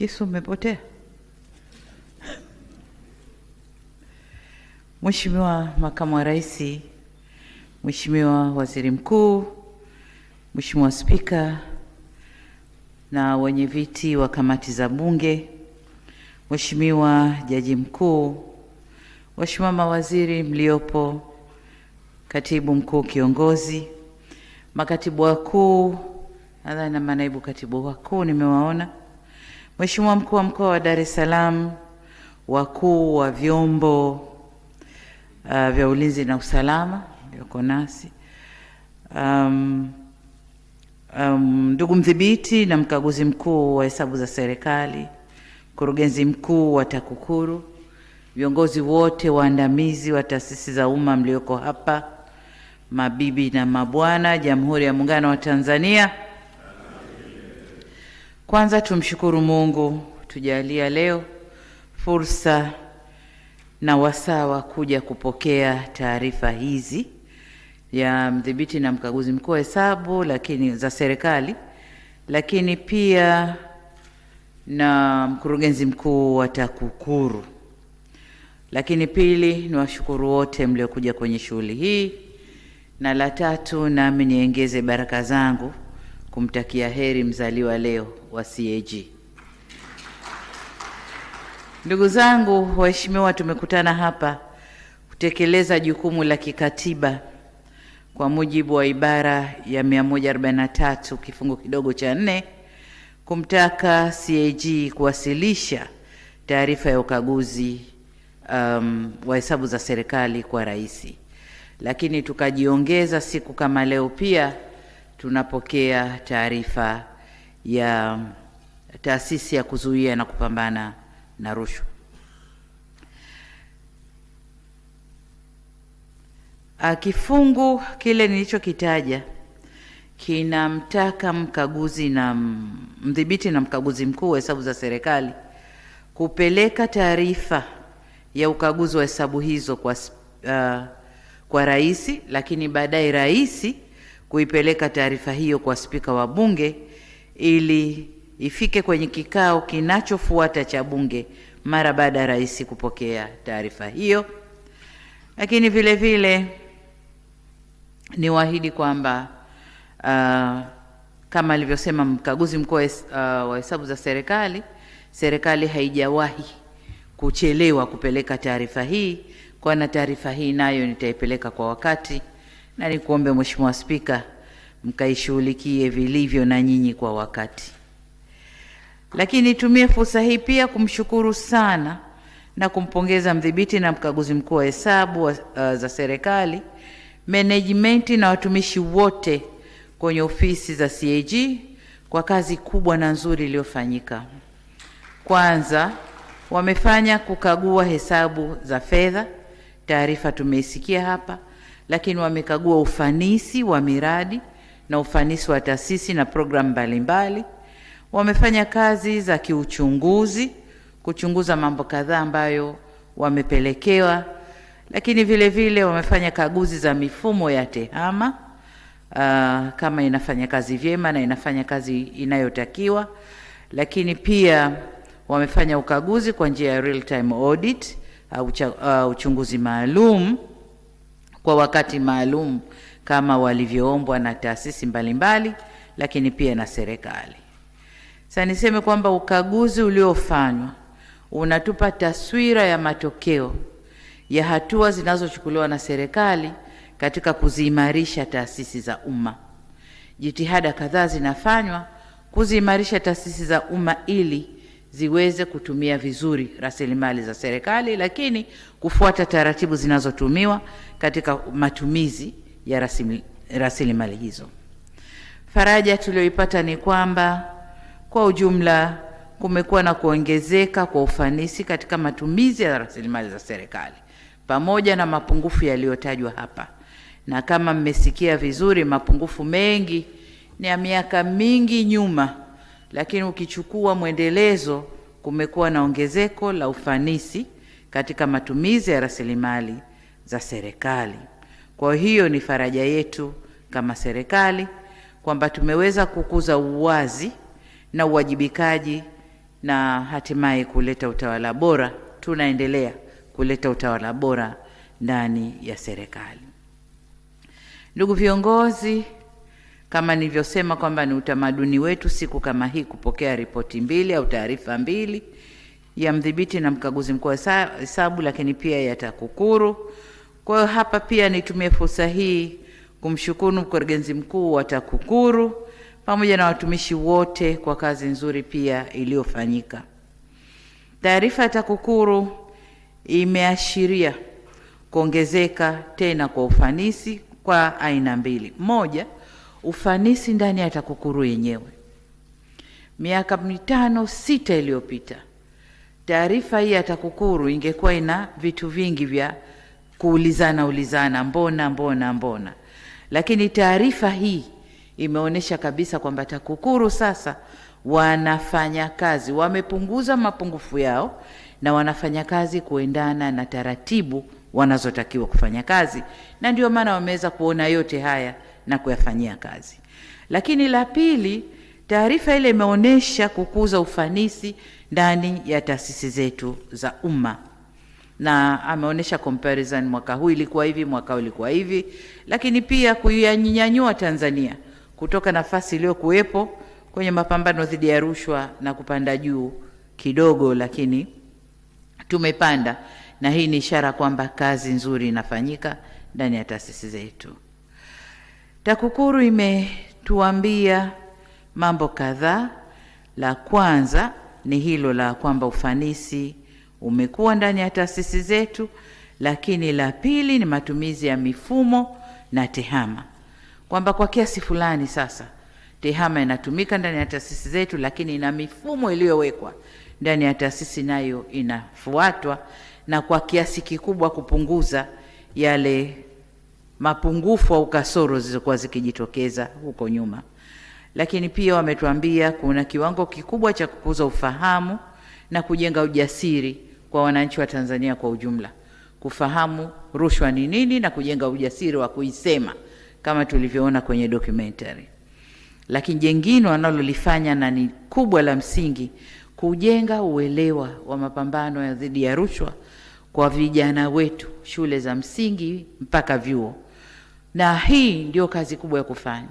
Kisome potea. Mheshimiwa Makamu wa Rais, Mheshimiwa Waziri Mkuu, Mheshimiwa Spika na viti wa kamati za Bunge, Mheshimiwa Jaji Mkuu, Waheshimiwa mawaziri mliopo, Katibu Mkuu Kiongozi, makatibu wakuu nadhani na manaibu katibu wakuu nimewaona Mheshimiwa Mkuu wa Mkoa wa Dar es Salaam, wakuu wa vyombo uh, vya ulinzi na usalama vyoko nasi um, um ndugu um, mdhibiti na mkaguzi mkuu wa hesabu za serikali, mkurugenzi mkuu wa TAKUKURU, viongozi wote waandamizi wa taasisi za umma mlioko hapa, mabibi na mabwana, Jamhuri ya Muungano wa Tanzania. Kwanza tumshukuru Mungu tujalia leo fursa na wasaa wa kuja kupokea taarifa hizi ya mdhibiti na mkaguzi mkuu wa hesabu lakini za serikali, lakini pia na mkurugenzi mkuu wa TAKUKURU. Lakini pili, ni washukuru wote mliokuja kwenye shughuli hii, na la tatu, nami niongeze baraka zangu kumtakia heri mzaliwa leo wa CAG. Ndugu zangu waheshimiwa, tumekutana hapa kutekeleza jukumu la kikatiba kwa mujibu wa ibara ya 143 kifungu kidogo cha nne kumtaka CAG kuwasilisha taarifa ya ukaguzi um, wa hesabu za serikali kwa rais. Lakini tukajiongeza siku kama leo pia tunapokea taarifa ya taasisi ya kuzuia na kupambana na rushwa. Ah, kifungu kile nilichokitaja kinamtaka mkaguzi na mdhibiti na mkaguzi mkuu wa hesabu za serikali kupeleka taarifa ya ukaguzi wa hesabu hizo kwa, uh, kwa rais, lakini baadaye rais kuipeleka taarifa hiyo kwa spika wa bunge ili ifike kwenye kikao kinachofuata cha bunge mara baada ya rais kupokea taarifa hiyo. Lakini vile vile niwaahidi kwamba uh, kama alivyosema mkaguzi mkuu uh, wa hesabu za serikali, serikali haijawahi kuchelewa kupeleka taarifa hii, kwa na taarifa hii nayo nitaipeleka kwa wakati, na nikuombe Mheshimiwa Spika mkaishughulikie vilivyo na nyinyi kwa wakati. Lakini nitumie fursa hii pia kumshukuru sana na kumpongeza mdhibiti na mkaguzi mkuu wa hesabu uh, za serikali, management na watumishi wote kwenye ofisi za CAG kwa kazi kubwa na nzuri iliyofanyika. Kwanza wamefanya kukagua hesabu za fedha, taarifa tumeisikia hapa, lakini wamekagua ufanisi wa miradi na ufanisi wa taasisi na programu mbalimbali. Wamefanya kazi za kiuchunguzi, kuchunguza mambo kadhaa ambayo wamepelekewa, lakini vile vile wamefanya kaguzi za mifumo ya TEHAMA uh, kama inafanya kazi vyema na inafanya kazi inayotakiwa, lakini pia wamefanya ukaguzi kwa njia ya real time audit au ah, uh, ah, uchunguzi maalum kwa wakati maalum kama walivyoombwa na taasisi mbalimbali, lakini pia na serikali. Sasa niseme kwamba ukaguzi uliofanywa unatupa taswira ya matokeo ya hatua zinazochukuliwa na serikali katika kuziimarisha taasisi za umma. Jitihada kadhaa zinafanywa kuziimarisha taasisi za umma ili ziweze kutumia vizuri rasilimali za serikali, lakini kufuata taratibu zinazotumiwa katika matumizi ya rasilimali hizo. Faraja tuliyoipata ni kwamba kwa ujumla kumekuwa na kuongezeka kwa ufanisi katika matumizi ya rasilimali za serikali pamoja na mapungufu yaliyotajwa hapa, na kama mmesikia vizuri, mapungufu mengi ni ya miaka mingi nyuma, lakini ukichukua mwendelezo, kumekuwa na ongezeko la ufanisi katika matumizi ya rasilimali za serikali. Kwa hiyo ni faraja yetu kama serikali kwamba tumeweza kukuza uwazi na uwajibikaji na hatimaye kuleta utawala bora. Tunaendelea kuleta utawala bora ndani ya serikali. Ndugu viongozi, kama nilivyosema kwamba ni utamaduni wetu siku kama hii kupokea ripoti mbili au taarifa mbili, ya mdhibiti na mkaguzi mkuu wa hesabu, lakini pia ya TAKUKURU kwa hiyo hapa pia nitumie fursa hii kumshukuru mkurugenzi mkuu wa TAKUKURU pamoja na watumishi wote kwa kazi nzuri pia iliyofanyika. Taarifa ya TAKUKURU imeashiria kuongezeka tena kwa ufanisi kwa aina mbili. Moja, ufanisi ndani ya TAKUKURU yenyewe. Miaka mitano sita iliyopita, taarifa hii ya TAKUKURU ingekuwa ina vitu vingi vya kuulizana ulizana, mbona mbona mbona. Lakini taarifa hii imeonyesha kabisa kwamba TAKUKURU sasa wanafanya kazi, wamepunguza mapungufu yao na wanafanya kazi kuendana na taratibu wanazotakiwa kufanya kazi, na ndio maana wameweza kuona yote haya na kuyafanyia kazi. Lakini la pili, taarifa ile imeonyesha kukuza ufanisi ndani ya taasisi zetu za umma na ameonyesha comparison, mwaka huu ilikuwa hivi, mwaka ilikuwa hivi, lakini pia kuyanyanyua Tanzania kutoka nafasi iliyokuwepo kwenye mapambano dhidi ya rushwa na kupanda juu kidogo, lakini tumepanda, na hii ni ishara kwamba kazi nzuri inafanyika ndani ya taasisi zetu. TAKUKURU imetuambia mambo kadhaa. La kwanza ni hilo la kwamba ufanisi umekuwa ndani ya taasisi zetu, lakini la pili ni matumizi ya mifumo na tehama, kwamba kwa kiasi fulani sasa tehama inatumika ndani ya taasisi zetu, lakini ina mifumo iliyowekwa ndani ya taasisi nayo inafuatwa, na kwa kiasi kikubwa kupunguza yale mapungufu au kasoro zilizokuwa zikijitokeza huko nyuma. Lakini pia wametuambia kuna kiwango kikubwa cha kukuza ufahamu na kujenga ujasiri kwa wananchi wa Tanzania kwa ujumla kufahamu rushwa ni nini na kujenga ujasiri wa kuisema kama tulivyoona kwenye documentary. Lakini jengine wanalolifanya na ni kubwa la msingi, kujenga uelewa wa mapambano ya dhidi ya rushwa kwa vijana wetu shule za msingi mpaka vyuo, na hii ndio kazi kubwa ya kufanya.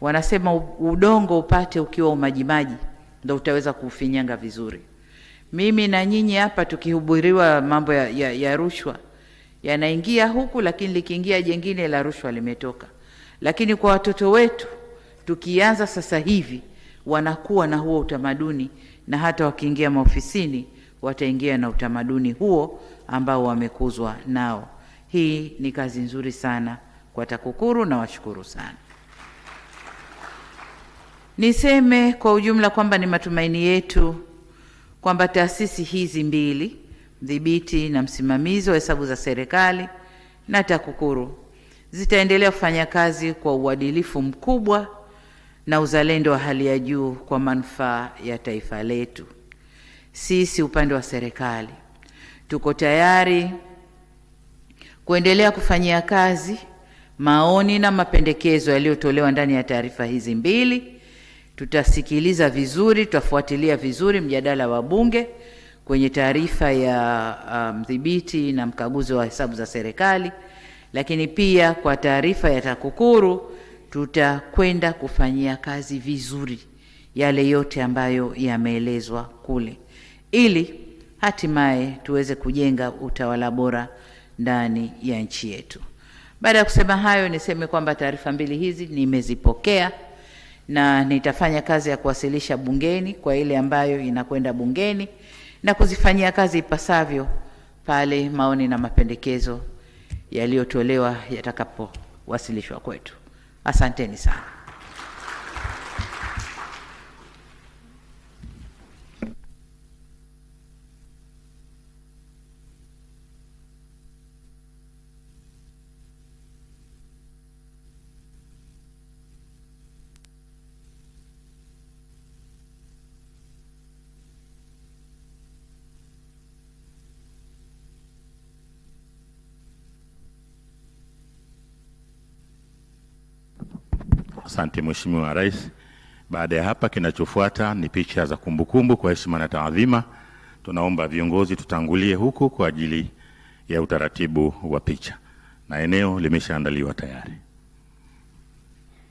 Wanasema udongo upate ukiwa umajimaji, ndio utaweza kuufinyanga vizuri mimi na nyinyi hapa tukihubiriwa mambo ya, ya, ya rushwa yanaingia huku, lakini likiingia jengine la rushwa limetoka. Lakini kwa watoto wetu tukianza sasa hivi, wanakuwa na huo utamaduni, na hata wakiingia maofisini wataingia na utamaduni huo ambao wamekuzwa nao. Hii ni kazi nzuri sana kwa TAKUKURU na washukuru sana. Niseme kwa ujumla kwamba ni matumaini yetu kwamba taasisi hizi mbili, mdhibiti na msimamizi wa hesabu za serikali na TAKUKURU, zitaendelea kufanya kazi kwa uadilifu mkubwa na uzalendo wa hali ya juu kwa manufaa ya taifa letu. Sisi upande wa serikali tuko tayari kuendelea kufanyia kazi maoni na mapendekezo yaliyotolewa ndani ya taarifa hizi mbili Tutasikiliza vizuri, tutafuatilia vizuri mjadala wa Bunge kwenye taarifa ya um, mdhibiti um, na mkaguzi wa hesabu za serikali, lakini pia kwa taarifa ya TAKUKURU tutakwenda kufanyia kazi vizuri yale yote ambayo yameelezwa kule, ili hatimaye tuweze kujenga utawala bora ndani ya nchi yetu. Baada ya kusema hayo, niseme kwamba taarifa mbili hizi nimezipokea na nitafanya kazi ya kuwasilisha bungeni kwa ile ambayo inakwenda bungeni na kuzifanyia kazi ipasavyo pale maoni na mapendekezo yaliyotolewa yatakapowasilishwa kwetu. Asanteni sana. Asante Mheshimiwa Rais. Baada ya hapa, kinachofuata ni picha za kumbukumbu. Kwa heshima na taadhima, tunaomba viongozi tutangulie huku kwa ajili ya utaratibu wa picha, na eneo limeshaandaliwa tayari.